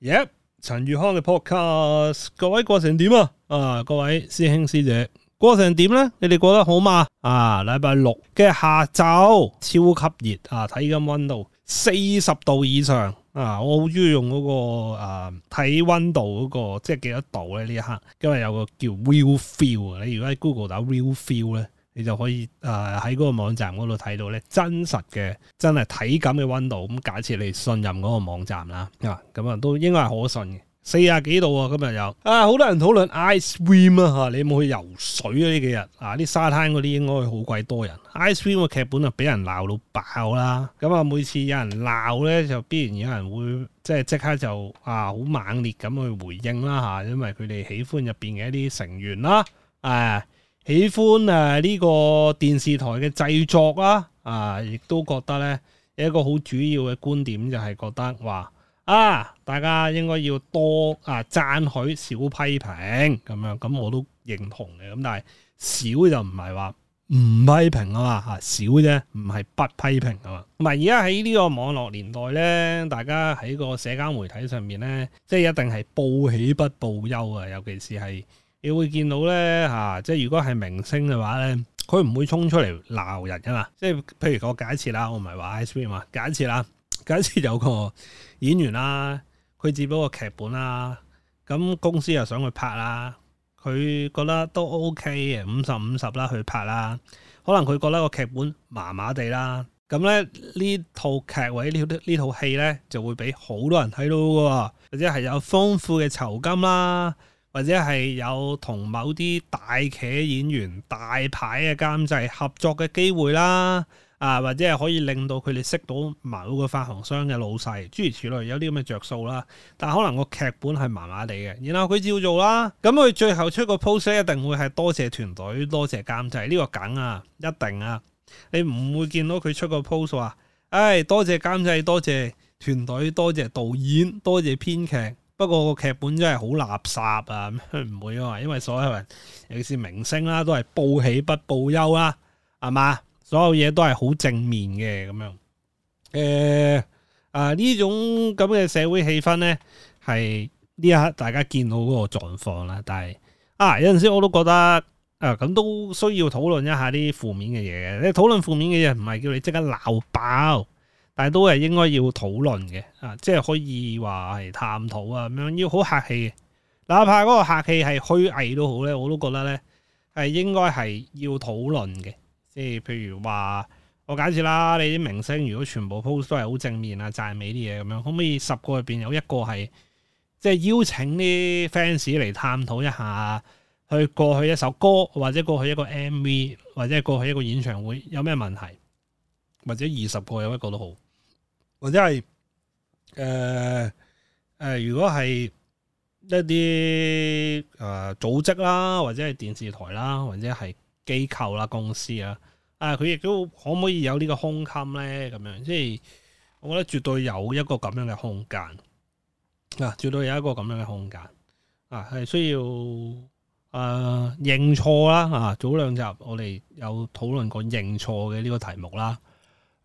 Yep，陳宇康嘅 podcast，各位過成點啊？啊，各位師兄師姐過成點咧？你哋過得好嘛？啊，禮拜六嘅下晝超級熱啊，體感溫度四十度以上啊！我好中意用嗰個啊，體感溫度嗰個即係幾多度咧？呢一刻，因為有個叫 real feel 啊，你如果喺 Google 打 real feel 咧。呢你就可以誒喺嗰個網站嗰度睇到咧，真實嘅真係體感嘅溫度。咁假設你信任嗰個網站啦，啊咁啊都應該係可信嘅。四十幾度啊，今日有啊，好多人討論 Ice Cream 啊嚇，你有冇去游水啊？呢幾日啊，啲沙灘嗰啲應該好鬼多人。Ice Cream 個劇本啊，俾人鬧到爆啦。咁啊，每次有人鬧咧，就必然有人會即係即刻就啊好猛烈咁去回應啦嚇、啊，因為佢哋喜歡入邊嘅一啲成員啦，誒、啊。喜歡誒呢個電視台嘅製作啦、啊，啊，亦都覺得呢有一個好主要嘅觀點，就係覺得話啊，大家應該要多啊讚許少批評咁樣，咁我都認同嘅。咁但係少就唔係話唔批評啊嘛，嚇少啫，唔係不批評啊嘛。同埋而家喺呢個網絡年代呢，大家喺個社交媒體上面呢，即係一定係報喜不報憂啊，尤其是係。你會見到咧嚇、啊，即係如果係明星嘅話咧，佢唔會衝出嚟鬧人噶嘛。即係譬如我假設啦，我唔係話 Ice Cream 啊，假設啦，假設有個演員啦、啊，佢接咗個劇本啦、啊，咁公司又想去拍啦、啊，佢覺得都 OK 嘅，五十五十啦去拍啦、啊，可能佢覺得個劇本麻麻地啦，咁咧呢套劇或者呢呢套戲咧就會俾好多人睇到嘅、啊，或者係有豐富嘅酬金啦、啊。或者係有同某啲大劇演員、大牌嘅監製合作嘅機會啦，啊，或者係可以令到佢哋識到某個發行商嘅老細，諸如此類有啲咁嘅着數啦。但可能個劇本係麻麻地嘅，然後佢照做啦。咁佢最後出個 post 咧，一定會係多謝團隊、多謝監製呢個梗啊，一定啊，你唔會見到佢出個 post 話，唉、哎、多謝監製、多謝團隊、多謝導演、多謝編劇。不過個劇本真係好垃圾啊！唔 會啊，因為所有人，尤其是明星啦，都係報喜不報憂啦、啊，係嘛？所有嘢都係好正面嘅咁樣。誒、呃，啊呢種咁嘅社會氣氛咧，係呢一刻大家見到嗰個狀況啦。但係啊，有陣時我都覺得，誒咁都需要討論一下啲負面嘅嘢嘅。你討論負面嘅嘢，唔係叫你即刻鬧爆。但都係應該要討論嘅，啊，即係可以話係探討啊咁樣，要好客氣嘅，哪怕嗰個客氣係虛偽都好咧，我都覺得咧係應該係要討論嘅。即係譬如話，我假設啦，你啲明星如果全部 post 都係好正面啊，讚美啲嘢咁樣，可唔可以十個入邊有一個係即係邀請啲 fans 嚟探討一下，去過去一首歌或者過去一個 MV 或者過去一個演唱會有咩問題，或者二十個有一個都好。或者係誒誒，如果係一啲誒、呃、組織啦，或者係電視台啦，或者係機構啦、公司啦，啊，佢亦都可唔可以有呢個胸襟咧？咁樣，即係我覺得絕對有一個咁樣嘅空間啊，絕對有一個咁樣嘅空間啊，係需要誒、呃、認錯啦啊！早兩集我哋有討論過認錯嘅呢個題目啦。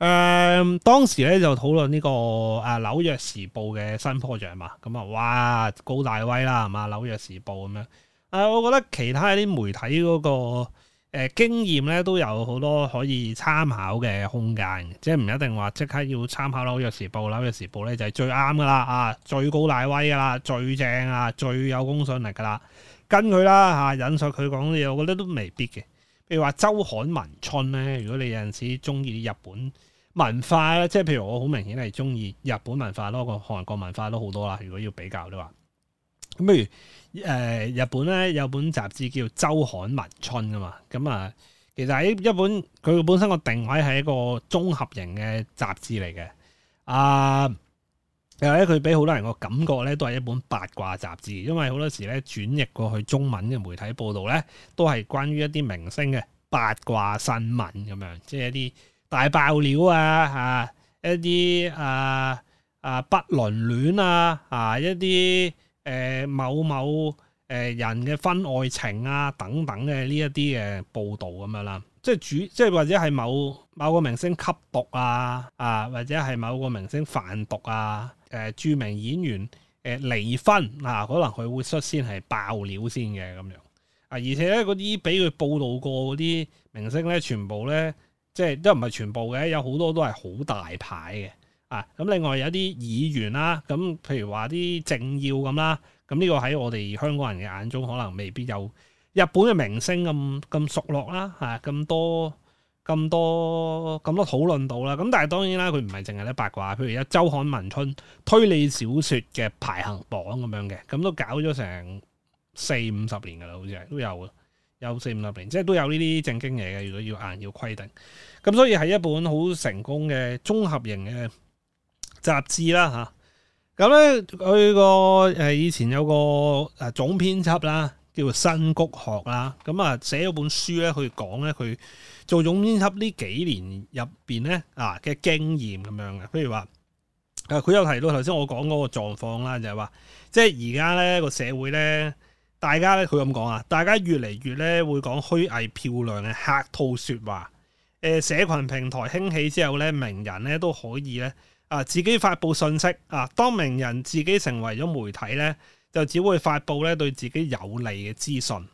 誒、嗯、當時咧就討論呢、這個誒紐約時報嘅新 project 嘛，咁啊哇高大威啦係嘛？紐約時報咁、啊啊、樣，誒、啊、我覺得其他啲媒體嗰、那個誒、啊、經驗咧都有好多可以參考嘅空間，即係唔一定話即刻要參考紐約時報。紐約時報咧就係、是、最啱噶啦，啊最高大威噶啦，最正啊，最有公信力噶啦，跟佢啦嚇，引述佢講嘅嘢，我覺得都未必嘅。譬如話周刊文春咧，如果你有陣時中意日本文化咧，即係譬如我好明顯係中意日本文化咯，個韓國文化都好多啦。如果要比較的話，咁譬如誒、呃、日本咧有本雜誌叫《周刊文春》噶嘛，咁、嗯、啊，其實喺一本佢本身個定位係一個綜合型嘅雜誌嚟嘅。啊、呃，又咧佢俾好多人個感覺咧，都係一本八卦雜誌，因為好多時咧轉譯過去中文嘅媒體報道咧，都係關於一啲明星嘅八卦新聞咁樣，即係一啲。大爆料啊！嚇，一啲啊、啊不倫戀啊，嚇，一啲誒某某誒人嘅婚外情啊，等等嘅呢一啲誒報導咁樣啦，即係主即係或者係某某個明星吸毒啊，啊或者係某個明星販毒啊，誒著名演員誒離婚啊，可能佢會率先係爆料先嘅咁樣啊。而且咧，嗰啲俾佢報導過嗰啲明星咧全部咧。即係都唔係全部嘅，有好多都係好大牌嘅啊！咁另外有啲議員啦，咁、啊、譬如話啲政要咁啦，咁、啊、呢、這個喺我哋香港人嘅眼中，可能未必有日本嘅明星咁咁熟絡啦，嚇、啊、咁多咁多咁多討論度啦。咁、啊、但係當然啦，佢唔係淨係咧八卦，譬如有《周刊文春》推理小說嘅排行榜咁樣嘅，咁、啊、都搞咗成四五十年噶啦，好似係都有有四五六年，即係都有呢啲正經嘢嘅。如果要硬要規定，咁所以係一本好成功嘅綜合型嘅雜誌啦，吓、啊。咁咧佢個誒以前有個誒總編輯啦，叫做新谷學啦，咁啊寫咗本書咧去講咧佢做總編輯呢幾年入邊咧啊嘅經驗咁樣嘅。譬如話，誒佢有提到頭先我講嗰個狀況啦，就係話，即係而家咧個社會咧。大家咧，佢咁講啊！大家越嚟越咧會講虛偽漂亮嘅客套説話。誒、呃，社群平台興起之後咧，名人咧都可以咧啊，自己發布信息啊。當名人自己成為咗媒體咧，就只會發布咧對自己有利嘅資訊。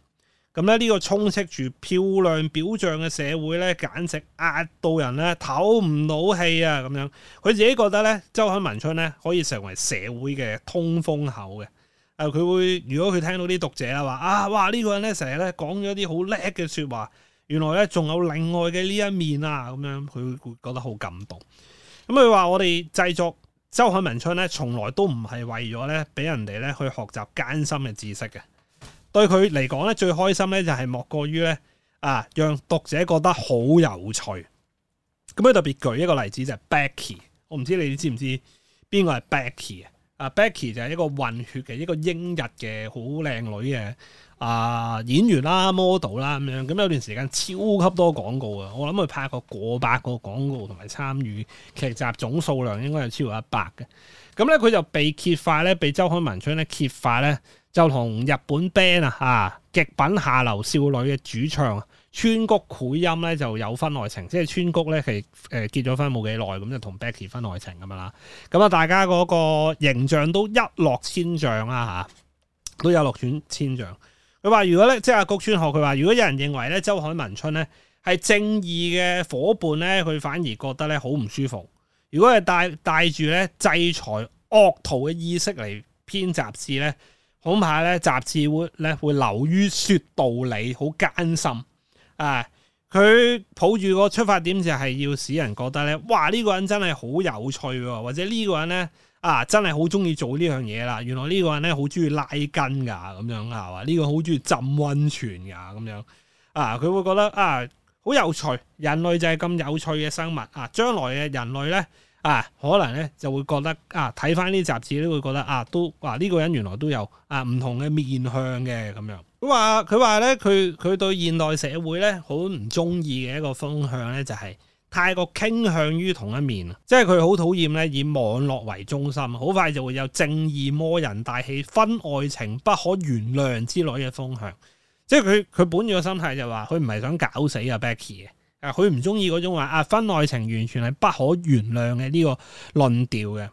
咁咧呢個充斥住漂亮表象嘅社會咧，簡直壓到人咧唞唔到氣啊！咁樣，佢自己覺得咧，周刊文春咧可以成為社會嘅通風口嘅。誒，佢會如果佢聽到啲讀者啊話啊，哇呢、這個人咧成日咧講咗啲好叻嘅說話，原來咧仲有另外嘅呢一面啊，咁樣佢會覺得好感動。咁佢話我哋製作週刊文春咧，從來都唔係為咗咧俾人哋咧去學習艱深嘅知識嘅。對佢嚟講咧，最開心咧就係莫過於咧啊，讓讀者覺得好有趣。咁、嗯、佢特別舉一個例子就係、是、Becky，我唔知你知唔知邊個係 Becky 啊？啊，Becky 就係一個混血嘅一個英日嘅好靚女嘅、啊、呃、演員啦、啊、model 啦咁樣，咁有段時間超級多廣告啊！我諗佢拍過過百個廣告，同埋參與劇集總數量應該係超過一百嘅。咁咧佢就被揭發咧，被周刊文春咧揭發咧，就同日本 band 啊啊極品下流少女嘅主唱，村谷繪音咧就有婚外情，即係村谷咧，其實誒結咗婚冇幾耐，咁就同 Becky 婚外情咁樣啦。咁啊，大家嗰個形象都一落千丈啦，吓，都有落遠千丈。佢話如果咧，即係阿谷川學，佢話如果有人認為咧，週刊文春咧係正義嘅伙伴咧，佢反而覺得咧好唔舒服。如果係帶帶住咧制裁惡徒嘅意識嚟編雜誌咧，恐怕咧雜誌會咧會流於説道理，好艱深。啊！佢抱住個出發點就係要使人覺得咧，哇！呢、這個人真係好有趣喎，或者呢個人咧啊，真係好中意做呢樣嘢啦。原來呢個人咧好中意拉筋噶，咁樣係嘛？呢個好中意浸溫泉噶，咁樣啊，佢、這個啊、會覺得啊，好有趣。人類就係咁有趣嘅生物啊！將來嘅人類咧啊，可能咧就會覺得啊，睇翻呢雜誌都會覺得啊，都話呢、啊這個人原來都有啊唔同嘅面向嘅咁樣。佢話：佢話咧，佢佢對現代社會咧，好唔中意嘅一個風向咧，就係太過傾向於同一面，即係佢好討厭咧，以網絡為中心，好快就會有正義魔人大戲、婚外情不可原諒之類嘅風向。即係佢佢本住個心態就話，佢唔係想搞死啊，Becky 嘅啊，佢唔中意嗰種話啊，婚外情完全係不可原諒嘅呢個論調嘅。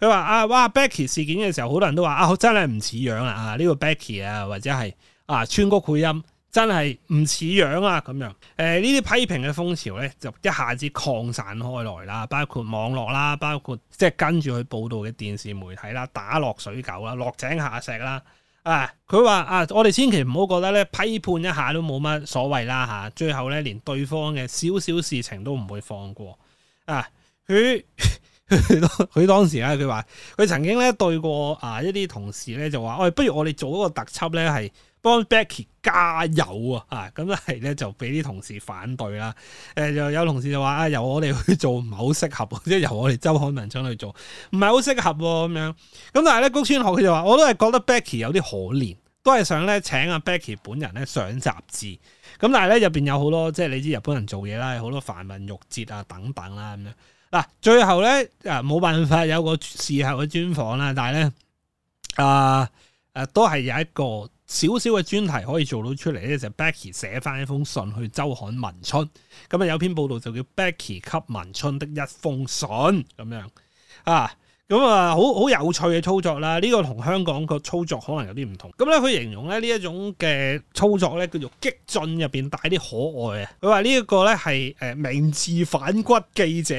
佢話啊，哇，Becky 事件嘅時候，好多人都話啊，真係唔似樣啦啊，呢個 Becky 啊，或者係。啊！川谷配音真係唔似樣啊咁樣，誒呢啲批評嘅風潮咧就一下子擴散開來啦，包括網絡啦，包括即係跟住去報導嘅電視媒體啦，打落水狗啦，落井下石啦，啊！佢話啊，我哋千祈唔好覺得咧，批判一下都冇乜所謂啦嚇、啊，最後咧連對方嘅小小事情都唔會放過啊！佢佢 當時咧佢話，佢曾經咧對過啊一啲同事咧就話，我、哎、不如我哋做一個特輯咧係。幫 Becky 加油啊！啊，咁但係咧就俾啲同事反對啦。誒、呃，又有同事就話啊，由我哋去做唔係好適合，即、就、係、是、由我哋周刊文春去做唔係好適合咁、啊、樣。咁但係咧，谷村學就話我都係覺得 Becky 有啲可憐，都係想咧請阿、啊、Becky 本人咧上雜誌。咁但係咧入邊有好多即係你知日本人做嘢啦，好多繁文縟節啊等等啦咁樣嗱、啊。最後咧啊，冇辦法有個事後嘅專訪啦，但係咧啊誒、啊啊，都係有一個。少少嘅專題可以做到出嚟咧，就係 Becky 寫翻一封信去周刊《文春》。咁啊有篇報道就叫 Becky 給文春的一封信咁樣啊，咁啊好好有趣嘅操作啦！呢、這個同香港個操作可能有啲唔同，咁咧佢形容咧呢一種嘅操作咧叫做激進入邊帶啲可愛啊！佢話呢一個咧係誒，明治反骨記者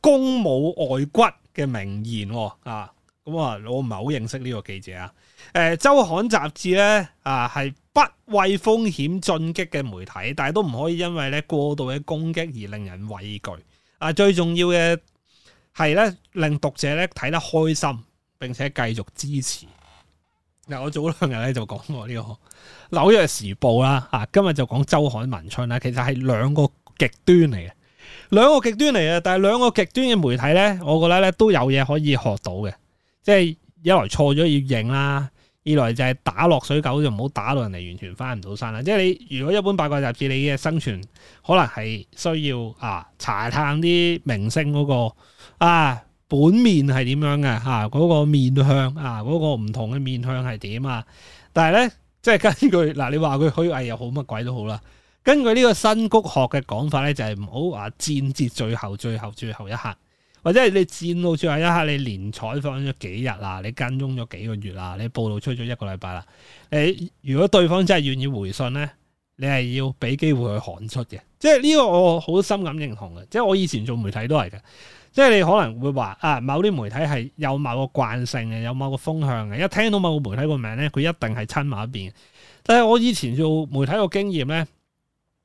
宮武外骨嘅名言、哦、啊！咁啊我唔係好認識呢個記者啊。誒、呃，周刊雜誌咧啊，係不畏風險進擊嘅媒體，但係都唔可以因為咧過度嘅攻擊而令人畏懼。啊，最重要嘅係咧令讀者咧睇得開心，並且繼續支持。嗱、啊，我早兩日咧就講過呢、這個《紐約時報》啦，啊，今日就講《周刊文春》啦，其實係兩個極端嚟嘅，兩個極端嚟嘅，但係兩個極端嘅媒體咧，我覺得咧都有嘢可以學到嘅，即係一來錯咗要認啦。二來就係打落水狗就唔好打到人哋完全翻唔到身啦，即係你如果一本八卦雜誌，你嘅生存可能係需要啊查探啲明星嗰個啊本面係點樣嘅吓，嗰個面向啊嗰個唔同嘅面向係點啊，但係咧即係根據嗱你話佢虛偽又好乜鬼都好啦，根據呢個新谷學嘅講法咧，就係唔好話戰至最後最後最後一刻。或者係你戰路住係一下，你連採訪咗幾日啦，你跟蹤咗幾個月啦，你報道出咗一個禮拜啦。誒、呃，如果對方真係願意回信咧，你係要俾機會佢刊出嘅。即係呢個我好深感認同嘅。即係我以前做媒體都係嘅。即係你可能會話啊，某啲媒體係有某個慣性嘅，有某個風向嘅。一聽到某個媒體個名咧，佢一定係親某一邊。但係我以前做媒體個經驗咧，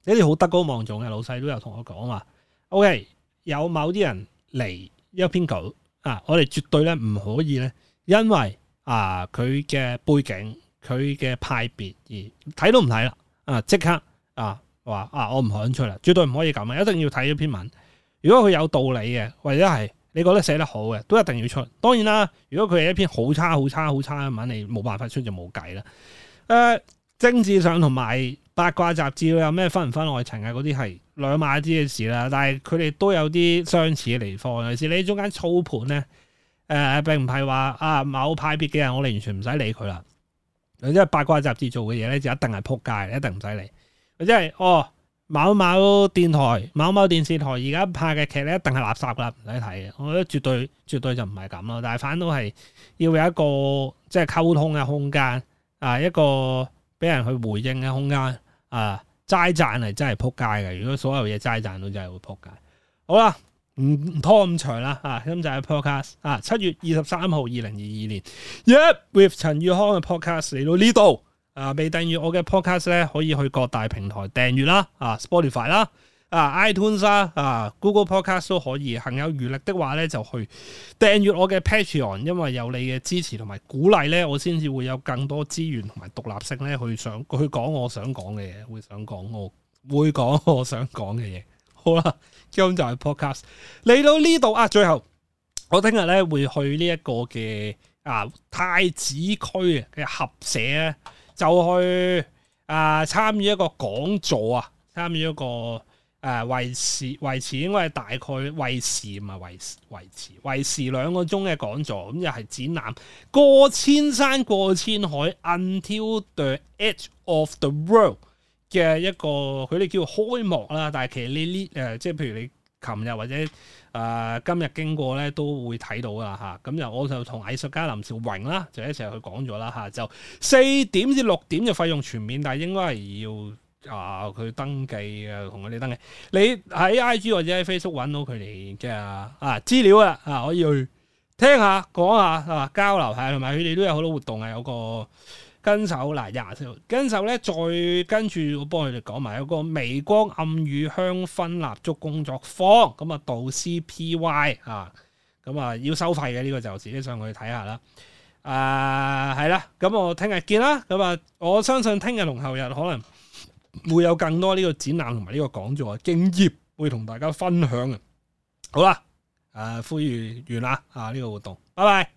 你哋好德高望重嘅老細都有同我講話。OK，有某啲人。嚟一篇稿啊，我哋絕對咧唔可以咧，因為啊佢嘅背景、佢嘅派別而睇都唔睇啦啊，即刻啊話啊我唔肯出啦，絕對唔可以咁啊，一定要睇一篇文。如果佢有道理嘅，或者係你覺得寫得好嘅，都一定要出。當然啦，如果佢係一篇好差、好差、好差嘅文，你冇辦法出就冇計啦。誒、啊，政治上同埋。八卦雜誌會有咩分唔分愛情、呃、啊？嗰啲係兩碼子嘅事啦。但係佢哋都有啲相似嘅地方嘅。尤其係你中間操盤咧，誒，並唔係話啊某派別嘅人，我哋完全唔使理佢啦。即係八卦雜誌做嘅嘢咧，就一定係扑街，一定唔使理。即係哦，某某電台、某某電視台而家拍嘅劇咧，一定係垃圾噶啦，唔使睇嘅。我覺得絕對、絕對就唔係咁咯。但係反倒係要有一個即係溝通嘅空間啊，一個俾人去回應嘅空間。啊！齋賺係真係撲街嘅，如果所有嘢齋賺都真係會撲街。好啦，唔拖咁長啦，啊，今集係 podcast 啊，七月二十三號二零二二年，Yep with 陳宇康嘅 podcast 嚟到呢度啊，未訂閱我嘅 podcast 咧，可以去各大平台訂閱啦，啊，Spotify 啦。啊、uh，iTunes 啊、uh，Google Podcast 都可以。行有餘力的話咧，就去訂閱我嘅 Patreon，因為有你嘅支持同埋鼓勵咧，我先至會有更多資源同埋獨立性咧，去想去講我想講嘅嘢，會想講我會講我想講嘅嘢。好啦，今日就係 Podcast 嚟到呢度啊！最後，我聽日咧會去呢一個嘅啊太子區嘅合社咧，就去啊參與一個講座啊，參與一個。誒、啊、維持維持應該係大概維持唔係維維持維持兩個鐘嘅講座，咁又係展覽過千山過千海，until the edge of the world 嘅一個佢哋叫開幕啦。但係其實你呢誒、呃，即係譬如你琴日或者誒、呃、今日經過咧，都會睇到啦嚇。咁、啊、就我就同藝術家林兆榮啦，就一齊去講咗啦嚇。就四點至六點嘅費用全面，但係應該係要。啊！佢登記啊，同佢哋登記。你喺 I G 或者喺 Facebook 搵到佢哋，嘅係啊資料啊，啊可以去聽下、講下、啊交流下，同埋佢哋都有好多活動啊。有個跟手，嗱廿四號跟手咧，再跟住我幫佢哋講埋有個微光暗語香薰蠟燭工作坊，咁啊導師 P Y 啊，咁啊要收費嘅呢個就自己上去睇下、啊、啦。啊，係、啊、啦，咁、啊啊啊、我聽日見啦。咁啊，我相信聽日同後日可能會有更多呢個展覽同埋呢個講座嘅經驗會同大家分享啊！好啦，誒、呃，呼籲完啦，吓，呢個活動，拜拜。